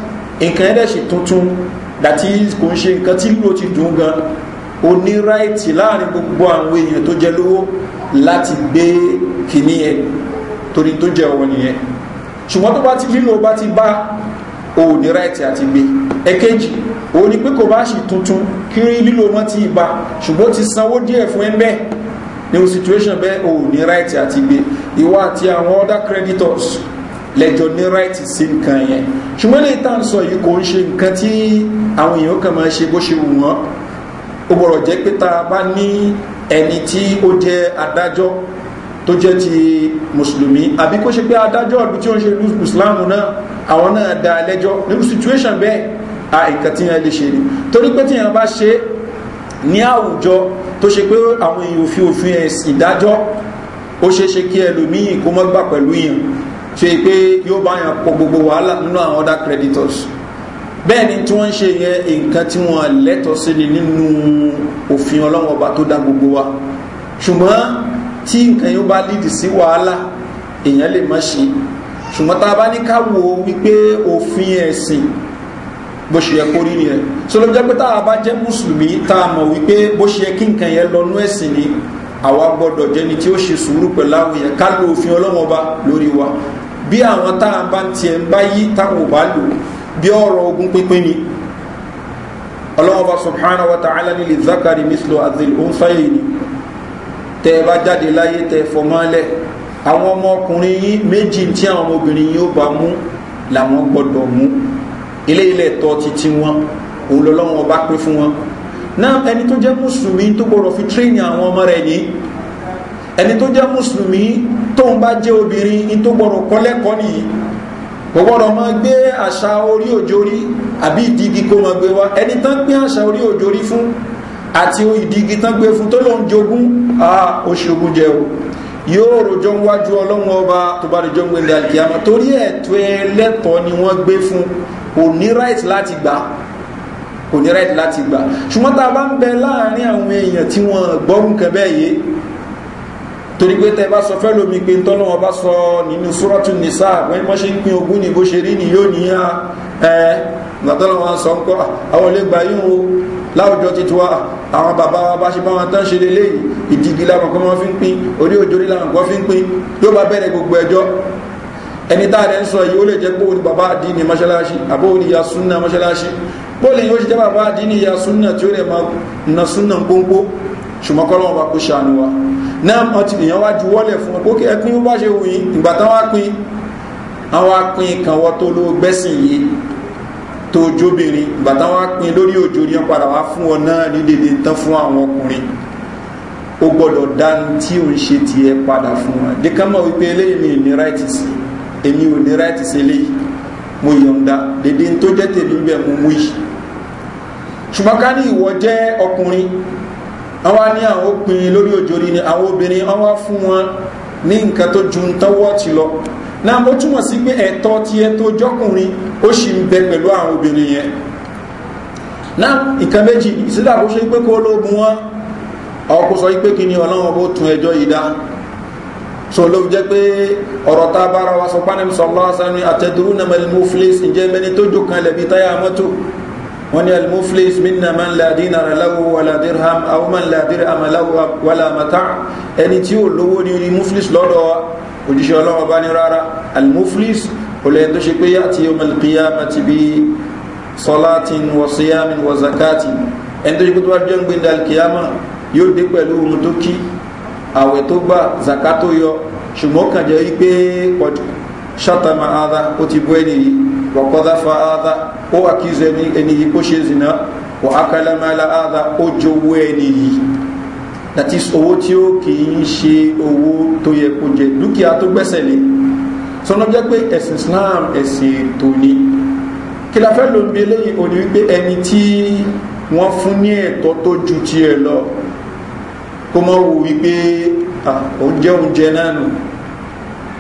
nǹkan ẹ̀dẹ̀ ṣe tuntun dàtí kò ń ṣe nǹkan tí ló ti dùn gan-an o ní ráìtì láàrin gbogbo àwọn èèyàn tó jẹ lówó láti gbé kìíní yẹn torí tó jẹ ọwọ́ nìyẹn ṣùgbọ́n tó bá ti lílo bá ti bá o àti gbé ẹ̀kejì o ní pé kò bá ṣì tuntun kiri lílo wọn ti bá ṣùgbọ́n ti sanwó díẹ̀ fún ẹ bẹ́ẹ̀ situation bẹ́ẹ̀ o ní ráìtì àti gbé ìwọ àti àwọn other creditors lẹ́jọ́ ní right sí nǹkan yẹn ṣùgbọ́n lè tá à ń sọ yìí kò ń ṣe nǹkan tí àwọn èèyàn kan máa ṣe bó ṣe wù wọ́n ó gbọ́dọ̀ jẹ́ pé tá a bá ní ẹni tí ó jẹ́ adájọ́ tó jẹ́ ti mùsùlùmí àbí kó ṣe pé adájọ́ ọ̀dún tí ó ń ṣe ìsìláàmù náà àwọn náà dá lẹ́jọ́ nínú situation bẹ́ẹ̀ a nǹkan tí yẹn lè ṣe ni torí pé tí yẹn bá ṣe ní àwùjọ tó ṣe pé àwọn èèyàn òfin òfin ìdájọ́ ó ṣe é ṣe kí ẹlòmíì kó mọ́gbà pẹ̀lú yẹn ṣe pé yóò bá yẹn pọ̀ gbogbo wàhálà nínú àwọn other creditors bẹ́ẹ̀ ni tí wọ́n ń ṣe yẹn nǹkan tí wọ́n lẹ́tọ̀ọ́ sí ni nínú òfin ọlọ́wọ́ ọba tó dá gbogbo wa ṣùgbọ́n tí nǹkan yóò bá lídì sí wàhálà èèyàn lè má ṣe ṣùgbọ́n tá a bá ní ká wo wípé òfin ẹ̀sìn bó ṣe yẹ kó rí nìyẹn so ló pé tá a bá jẹ́ mùsùlùmí tá a mọ̀ wípé bó ṣe yẹ kí nǹkan yẹn lọ́nú ẹ̀sìn ni àwa gbọ́dọ̀ jẹ́ni tí ó ṣe sùúrù pẹ̀lú àwọn èèyàn ká lo òfin ọlọ́wọ́n ọba lórí wa bí àwọn tá a bá tiẹ̀ ń bá yí táwọn ò bá lò ó bí ọ̀rọ̀ ogun pínpín ni ọlọ́wọ́ba subhanahu wa ta'ala ni lè zakari mislo azil onsayi ni tẹ́ ẹ bá jáde láyé tẹ́ ẹ fọmọ́lẹ̀ àwọn ọmọkùnrin yìí méjì tí àwọn ọmọbìnrin yìí ó bá mú làwọn gbọ́dọ̀ mú ilé ilẹ̀ tọ́ titi wọn òun bá pín fún wọn náà ẹni tó jẹ́ mùsùlùmí tó gbọ́dọ̀ fi tírénì àwọn ọmọ rẹ̀ yìí ẹni tó jẹ́ mùsùlùmí tóun bá jẹ́ obìnrin tó gbọ́dọ̀ kọ́lẹ́kọ́ nìyí kò gbọ́dọ̀ máa gbé àṣà orí òjòrí àbí ìdígi kó máa gbé wá ẹni tán gbé àṣà orí òjòrí fún àti ìdígi tán gbé fún tó ló ń jogún a oṣogun jẹ o yóò rojọ́ wájú ọlọ́run ọba tó bá rojọ́ gbé ilẹ̀ àkíyàmọ́ torí ẹ̀tọ́ ẹlẹ́tọ̀ọ́ ni wọ́n gbé fún kò ní right láti gbà kò ní right láti gbà ṣùgbọ́n tá a bá ń bẹ láàrin àwọn èèyàn tí wọ́n gbọ́rùn kan bẹ́ẹ̀ torí pé tẹ bá sọ fẹ́ lómi pé tọ́lọ́ wọn bá sọ nínú súrọ́tù nìsá wọ́n mọ́ ṣe ń pin ogún ní bó ṣe rí ni yóò níyà ẹ nàtọ́lọ́ wọn sọ ń kọ́ ah, àwọn olè gba yín o láwùjọ títí wa àwọn bàbá wa bá ṣe bá wọn tán ṣe lélẹ́ ìdígi làwọn kan wọn fi ń pin orí òjòrí làwọn kan fi ń pin yóò bá bẹ̀rẹ̀ gbogbo ẹjọ́ náà wọ́n ti nìyàn wá ju wọ́lẹ̀ fún wọn kókè ẹpin bó bá ṣe wù yín ìgbà táwọn apin àwọn apin kan wọ́n tó ló gbẹ́sìn yìí tó jóbìnrin ìgbà táwọn apin lórí òjò ni wọ́n padà wá fún wọn náà ní dèdè tán fún àwọn ọkùnrin ó gbọ́dọ̀ dánu tí ò ń ṣe tiẹ̀ padà fún wọn dèkà mọ̀ wípé eléyìí mi ní ráìtì sí èmi ò ní ráìtì sí eléyìí mo yọ̀ǹda dèdè tó jẹ́ tèmi bẹ́ẹ̀ mo mú yìí ṣùgbọ́n ká ní ìwọ jẹ́ ọkùnrin àwọn ní àwọn òpin lórí òjòrí ni àwọn obìnrin wọn wá fún wọn ní nǹkan tó ju tọwọ́ ti lọ náà ó túmọ̀ sí pé ẹ̀tọ́ tiẹ̀ tó jọ́kùnrin ó sì ń bẹ pẹ̀lú àwọn obìnrin yẹn náà nǹkan méjì ìsílẹ̀ àkóso pé kó lóògùn wọn ọkọ̀ sọ pé kí ni ọlọ́wọ́n bó tún ẹjọ́ yìí dá so ló jẹ́ pé ọ̀rọ̀ tá a bára wa sọ pánẹ́mùsọ̀ lọ́wọ́ sani àtẹ̀dúrú nàmẹ́lẹ́mú fílẹ̀ ǹjẹ́ mẹ́ni tó jò kan táyà mọ́tò wọ́n ní al-muflis minna man la dinara lahu wala dirham aw man la dirhama lahu wala mata ẹni tí ó lówó ní ní muflis lọ́dọ̀ wa òjíṣẹ́ ọlọ́wọ́ bá ní rárá al-muflis olóyè tó ṣe pé ya'ti yawm al-qiyamati bi salatin wa siyamin wa zakatin ẹni tó ṣe pé tó bá jẹ́ ń gbé al-qiyama yóò dé pẹ̀lú ohun tó kí àwẹ̀ tó gbà zakato yọ ṣùgbọ́n kàn jẹ́ wípé ṣàtàmà ara ó ti bọ́ ẹni yìí wàkọ́dáfà áádá ó àkíyèsí ẹni ẹni yìí kó ṣe zìnà wà ákàlámàlà áádá ó jowó ẹni yìí that is owó tí ó kì jẹ pé ẹ̀sìn Islam ẹ̀sìn ètò ni kí la fẹ́ ló ń bi eléyìí òní wípé ẹni tí wọ́n fún ní ẹ̀tọ́ tó ju tiẹ̀ lọ kó mọ́ wo wípé oúnjẹ oúnjẹ náà nù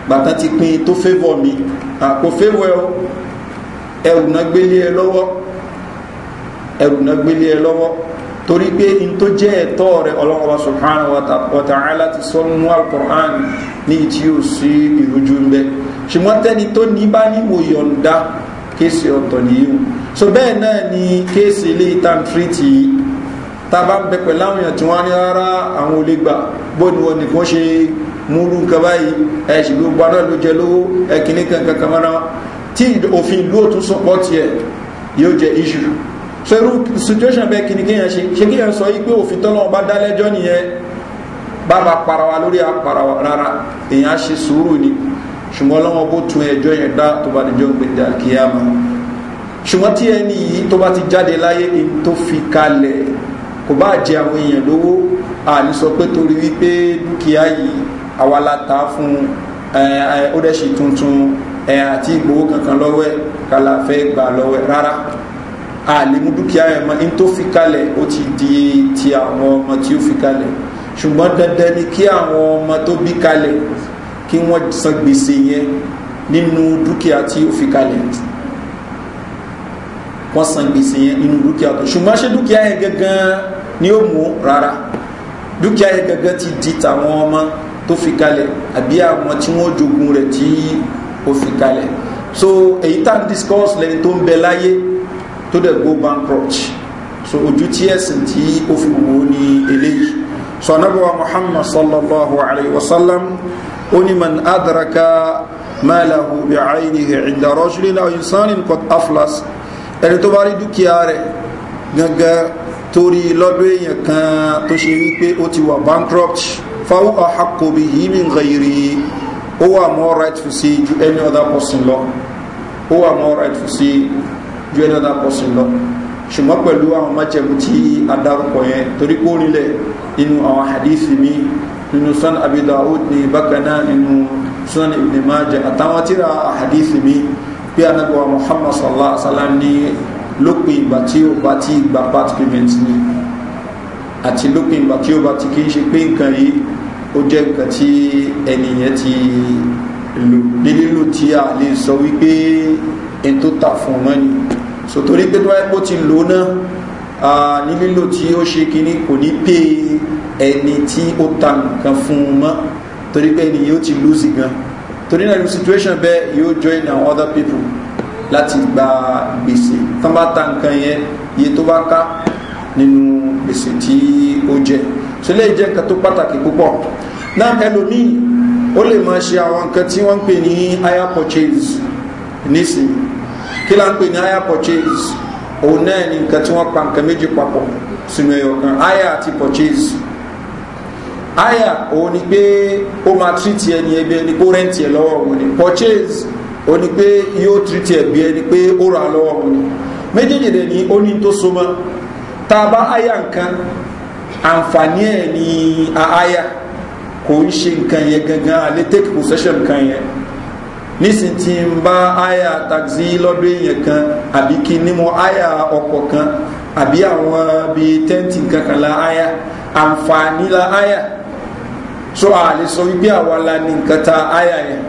bàtà ti pin tó fẹ́vọ̀ mi àpò fẹ́vọ̀ ẹ̀ o ẹrù náà gbélé ẹ lọ́wọ́ ẹrù náà gbélé ẹ lọ́wọ́ torí pé n tó jẹ́ ẹ̀tọ́ rẹ ọlọ́run ọba subhanahu wa ta'ala ti sọ nínú alukur'an ní tí yóò sí ìrújú ń bẹ ṣùgbọ́n tẹ́ni tó ní bá ní mo yọ̀ǹda kéèsì ọ̀tọ̀ nìyíwò so bẹ́ẹ̀ náà ni kéèsì ilé ìtàn tírìtì yìí tá a bá ń bẹ pẹ̀lú àwọn èèyàn tí wọ́n rárá àwọn olè gbà bó ni wọn nìkan ṣe múlù nǹkan báyìí ẹ̀ ṣì ló gbaná ló jẹ lówó ẹ̀ kìnnìkan kankan mọ́ra tí òfin ìlú ò tún sọpọ́ tiẹ̀ yóò jẹ́ iṣu so irú situation bẹ́ẹ̀ kí ni kéèyàn ṣe ṣe kéèyàn sọ yí pé òfin tọ́lọ́wọ́n bá dá lẹ́jọ́ nìyẹn bàbá para wa lórí apara wa rárá èèyàn á ṣe sùúrù ni ṣùgbọ́n ọlọ́wọ́n bó tún ẹjọ́ yẹn dá tó bá dẹjọ́ gbẹdẹ kíyàmá ṣùgbọ́n tí ẹni yìí tó bá ti jáde láyé ni tó fi kalẹ̀ kò bá jẹ àwọn èèyàn lówó àní sọ pé torí wípé dúkìá yìí àwa la ta fún ó dẹ̀ ṣe tuntun ẹ àti ìgbowó kankan lọ́wọ́ ẹ kálá fẹ́ gbà lọ́wọ́ ẹ rárá àlèmú dúkìá ẹ mọ ní tó fi kalẹ̀ ó ti di ti àwọn ọmọ tí ó fi kalẹ̀ ṣùgbọ́n dandan ni kí àwọn ọmọ tó bí kalẹ̀ kí wọ́n san gbèsè yẹn nínú dúkìá tí ó fi kalẹ̀ wọ́n san gbèsè yẹn nínú dúkìá tó ṣùgbọ́n ṣé dúkìá yẹn gangan ni ó mú rárá dúkìá yẹn gangan ti di tàwọn ọmọ tó fi kalẹ̀ àbí àwọn tí wọ́n jogun rẹ̀ tí ó so èyí tá n discuss lẹni tó ń bẹ láyé tó dẹ̀ go bankrupt so ojú tí ẹ̀sìn tí ó fi wò eléyìí so anabiwa muhammad sallallahu alayhi wa sallam ó ní man adraka malahu bi aynihi inda rajulin aw insanin qad aflas ẹni tó bá rí dúkìá rẹ̀ gangan torí lọ́dọ̀ èèyàn kan tó ṣe wípé ó ti wà bankrupt fáwọn àhàkóbi yìí mi ń gẹ̀yìrì Who wà more rightful sí ju any other person lọ ó wà more to see ju any other person lọ ṣùgbọ́n pẹ̀lú àwọn májẹ̀mú tí adarúkọ yẹn torí pé ó nílẹ̀ inú àwọn hadithi mi nínú sunan abi ni bakana náà sun ibn majah àtàwọn tíra hadithi mi bí anabi muhammad sallallahu alaihi wa sallam ní lópin ìgbà tí ó bá ti gba part payment ni àti lópin ìgbà tí ó bá ti kí n ṣe pé nǹkan yìí ó jẹ́ nǹkan tí ẹnìyẹn ti lò ní lílò tí a lè sọ wípé ẹni tó tà fún ọmọ ni sòtórí pé tó wáyé pé ó ti lò náà ní lílò tí ó ṣe kínní kò ní pé ẹni tí ó ta nǹkan fún ọmọ torí pé ẹnìyẹn ó ti lùsì gan torí náà ní situation bẹ́ẹ̀ yóò join àwọn other people láti gba gbèsè tán bá ta nǹkan yẹn iye tó bá ká nínú gbèsè tí ó jẹ́ sílẹ̀ jẹ́ nǹkan tó pàtàkì púpọ̀ náà ẹlòmíì ó lè máa ṣe àwọn nǹkan tí wọ́n ń pè ní higher purchase nísìnyí kí la ń pè ní higher purchase òun náà ni nǹkan tí wọ́n pa nǹkan méjì papọ̀ sínú ẹyọ kan higher àti purchase higher òun ni pé ó máa treat ẹni ẹbí ẹni kó rẹ́ǹtì ẹ lọ́wọ́ òun ni purchase ó ní pé yóò tìrìtì ẹ̀bí ẹni pé ó ra lọ́wọ́ ọ̀hún méjèèjì dẹ̀ ní ó ní tó so mọ́ tá a bá aya nǹkan àǹfààní ẹ̀ ní aya ko ń ṣe nǹkan yẹn gangan alẹ́ take possession nǹkan yẹn nísìnyí tí n bá àyà taxi lọ́dọ̀ èèyàn kan abi kí ni mo àyà ọkọ̀ kan abi awon bíi tẹ́ǹtì nǹkan kan la àyà àǹfààní la àyà so a le sọ wípé àwa la ní nǹkan ta àyà yẹn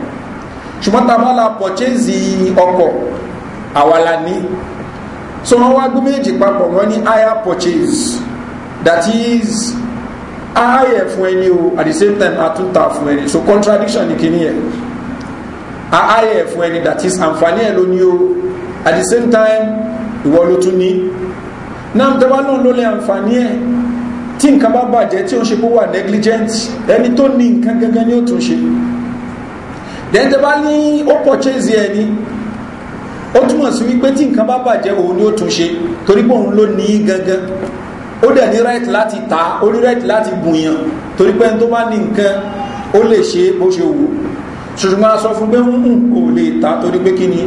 ṣùgbọ́n tá bá la purchase ọkọ̀ àwa la ní so wọ́n wá gbé méjì papọ̀ wọ́n ní àyà purchase. that is ààyè fún ẹni o at the same time àtúntà fún ẹni so contradiction ni kìíní yẹn ààyè fún ẹni that is àǹfààní ẹ ló o at the same time ìwọ ló tún ní náà tẹ́wá náà ló lè àǹfààní ẹ tí nǹkan bá bàjẹ́ tí ó ń ṣe pé wà negligent ẹni tó ní nǹkan gangan ni ó tún ṣe then tẹ́wá ní ó purchase ẹ ní ó túmọ̀ sí wípé tí nǹkan bá bàjẹ́ òun ni ó tún ṣe torí pé òun ló ní gangan ó dẹ̀ ní right láti ta ó ní right láti bùnyàn torí pé tó bá ní nǹkan ó lè ṣe bó ṣe wù ṣùgbọ́n a sọ fún pé ń kò lè ta torí pé kí ni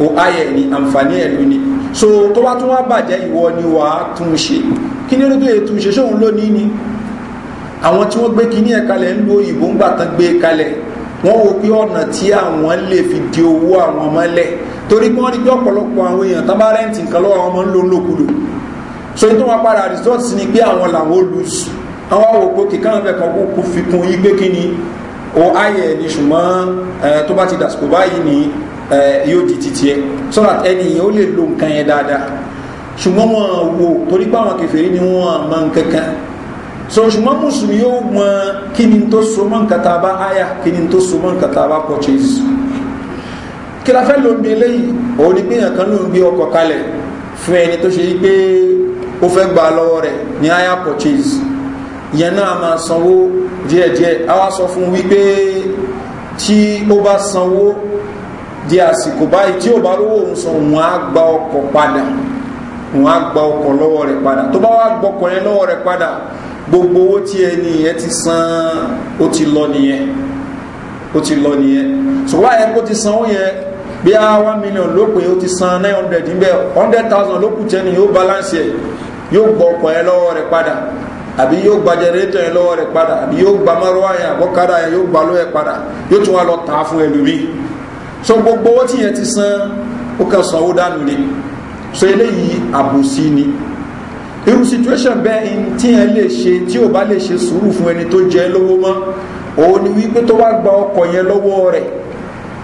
o ayẹ ni àǹfààní ẹ̀ lónìí so tó bá tún wá bàjẹ́ ìwọ ni wà á tún ṣe kí ni olóògbé tún ṣe sóhun lónìí ni àwọn tí wọ́n gbé kí ní ẹ̀ kalẹ̀ ń lo ìbò ń gbà tán gbé kalẹ̀ wọ́n wo pé ọ̀nà tí àwọn lè fi di owó àwọn mọ́lẹ̀ torí pé wọ́n rí pé ọ̀pọ̀lọpọ̀ àwọn èèyàn tábà rẹ́ǹtì nǹkan lọ́wọ́ àwọn ọmọ ń lo ńlòkulò so ní tó wọn padà result ni pé àwọn làwọn lose àwọn àwọn òpó kìkà ń fẹ́ kan kó fi kún yí pé kí ni o ayẹ ni ṣùgbọ́n tó bá ti dàsìkò báyìí ni yóò di titi ẹ so that ẹni yẹn ó lè lo nǹkan yẹn dáadáa ṣùgbọ́n wọn wò torí pé àwọn kẹfẹ́rí ni wọ́n mọ nǹkan kan so ṣùgbọ́n mùsùlùmí yóò mọ kí ni tó so mọ́ nǹkan tá a bá aya kí ni tó so mọ́ nǹkan tá a bá purchase kí la fẹ́ lo ń bi òun ni pé yàn kan ló ń gbé ọkọ̀ kalẹ̀ fún ẹni tó ṣe yí pé ó fẹ́ gba lọ́wọ́ rẹ̀ ní higher purchase ìyẹn náà máa sanwó díẹ̀díẹ̀ a wá sọ fún wípé tí ó bá sanwó di àsìkò báyìí tí ó bá lówó òun san òun á gba ọkọ̀ padà òun á gba ọkọ̀ lọ́wọ́ rẹ̀ padà tó bá wá gbọ́kọ̀ yẹn lọ́wọ́ rẹ̀ padà gbogbo owó tí ẹni yẹn ti san ó ti lọ nìyẹn ó ti lọ nìyẹn ṣùgbọ́n àyẹ̀kó ti sanwó yẹn bí a one million ló pè ó ti san nine hundred níbẹ̀ hundred thousand ló kù tẹ́ni yóò balance yẹn yóò gbọ́ ọkọ̀ ẹ lọ́wọ́ rẹ̀ padà àbí yóò gba jẹrẹtọ yẹn lọ́wọ́ rẹ̀ padà àbí yóò gba márùwá yẹn àbọ̀kadà yẹn yóò gba lọ́wọ́ padà yóò tún wá lọ tà á fún ẹlòmíì so gbogbo owó tí yẹn ti san ó kàn sanwó dànù ni so eléyìí àbòsí ni irú situation bẹ́ẹ̀ tí yẹn lè ṣe tí ò bá lè ṣe sùúrù fún ẹni tó jẹ lówó mọ́ òun wípé tó wá gba ọkọ̀ yẹn lọ́wọ́ rẹ̀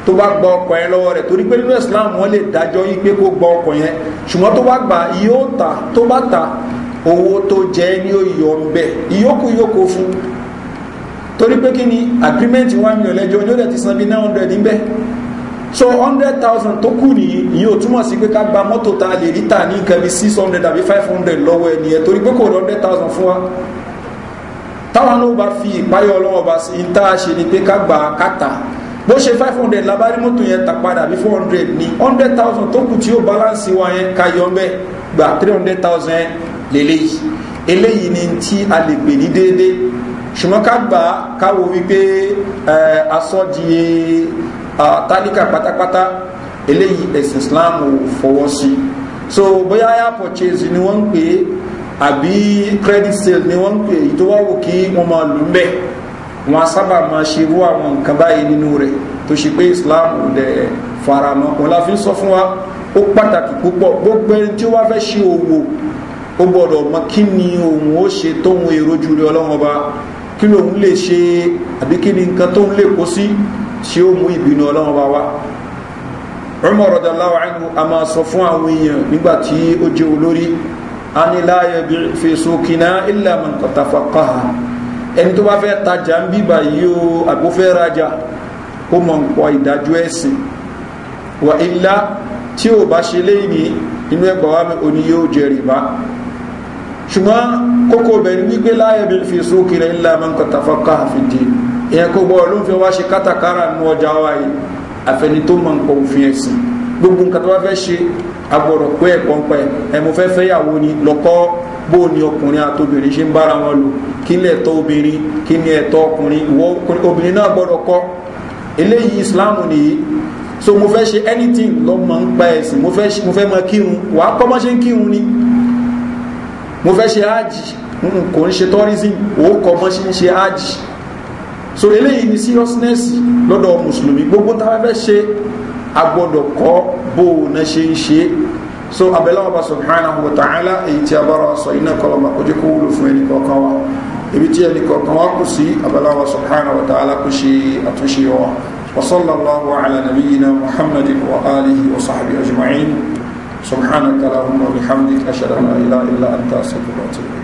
tó bá gba ọkọ̀ yẹn lọ́wọ́ rẹ̀ torí pé nínú islam wọ́n lè dájọ́ yí pé kó gba ọkọ̀ yẹn ṣùgbọ́n tó bá gbà yóò ta tó bá ta owó tó jẹ́ ní òyìnbó ń ìyókù yókù fún torí pé kí ni agreement one million lẹ́jọ́ ojú rẹ̀ ti san bí nine hundred níbẹ̀ so hundred thousand tó kù nìyí ìyẹn ò túmọ̀ sí pé ká gba mọ́tò ta lè rí ta ní nǹkan bí six hundred àbí five hundred lọ́wọ́ ẹ̀ nìyẹn torí pé kò rí hundred thousand fún wa táwọn náà bá fi ìpáyọ̀ ọlọ́wọ́ bá sí ní tá a ṣe ni pé ká gbà á ká ta bó ṣe five hundred labari mọ́tò yẹn ta padà bí four hundred ní hundred thousand tó kù tí ó balance wa yẹn ka yọ bẹ́ẹ̀ gba three hundred thousand lélẹ́yìí eléyìí ni tí a lè pè ní déédéé ṣùgbọ́n ká gbà ká wo wípé asọ́di tálíkà pátápátá eléyìí ẹ̀sìn Islam ò fọwọ́ sí so bóyá air purchase ni wọ́n ń pè é àbí credit sale ni wọ́n ń pè é èyí tó wá wò kí wọ́n máa lù ú bẹ́ẹ̀ wọn sábà máa ṣe irú àwọn nǹkan báyìí nínú rẹ̀ tó ṣe pé islam ò dẹ̀ faramọ́ wọn la fi ń sọ fún wa ó pàtàkì púpọ̀ gbogbo ẹni tí ó wá fẹ́ ṣe òwò ó gbọ́dọ̀ mọ kí ni òun ó ṣe tóun èrò ju rẹ ọlọ́run ọba kí lòun lè ṣe àbí kí ni nǹkan tóun lè kó sí ṣé ó mú ìbínú ọlọ́run ọba wá ọmọ ọ̀rọ̀dà láwọn a máa sọ fún àwọn èèyàn nígbà tí ó jẹ́ olórí a ní láàyè ìlànà kọ̀tàfà kọ́ha ẹni tó bá fẹ́ tajà ń bíbà yìí o àgbófẹ́ rajà kó mọ̀ ń pọ̀ ìdájọ́ ẹ̀sìn wà ilá tí ò bá ṣe léyìn inú ẹgbà wa mi òní yóò jẹ rìbá ṣùgbọ́n kókó bẹ̀rẹ̀ wípé láyé bí fi sókè ńlá máa ń kọ́ tafọ́ká àfìdí ìyẹn kó gbọ́ ló ń fi wá ṣe kátàkárà nú ọjà wa yìí àfẹni tó máa ń òfin ẹ̀sìn gbogbo nǹkan tó bá fẹ́ ṣe agbọ̀rọ̀ pé ẹ̀kọ́ ń pẹ́ ẹ̀ mo ni lọ́kọ́ bó ni ọkùnrin àtobìnrin ṣe ń bára wọn lò kí ni ẹ̀tọ́ obìnrin kí ni ẹ̀tọ́ ọkùnrin ìwọ obìnrin náà gbọ́dọ̀ kọ́ eléyìí islam nìyí so mo fẹ́ ṣe anything lọ́mọ ń pa ẹ̀sìn mo fẹ́ mọ kírun wà á kọ́mọ́ ṣe ń kírun ni mo fẹ́ ṣe ájì kò ń ṣe tourism ó kọ́mọ́ ṣe ń ṣe ájì so eléyìí ni seriousness lọ́dọ̀ mùsùlùmí gbogbo táwọn fẹ́ ṣe agbọ́dọ̀ kọ́ bó o náà ṣe ń ṣe é so abẹ́lẹ́wọ̀n bá subhanahu wa ta'ala èyí tí a bára wa sọ iná kọlọmọ kojú kó wúlò fún ẹnì kọ̀ọ̀kan wa ibi tí ẹnì kọ̀ọ̀kan wa kù sí abẹ́lẹ́wọ̀n subhanahu wa ta'ala kò ṣe àtúnṣe wa وصلى الله على نبينا محمد وآله وصحبه أجمعين سبحانك اللهم وبحمدك أشهد أن لا إله إلا أنت أستغفرك وأتوب إليك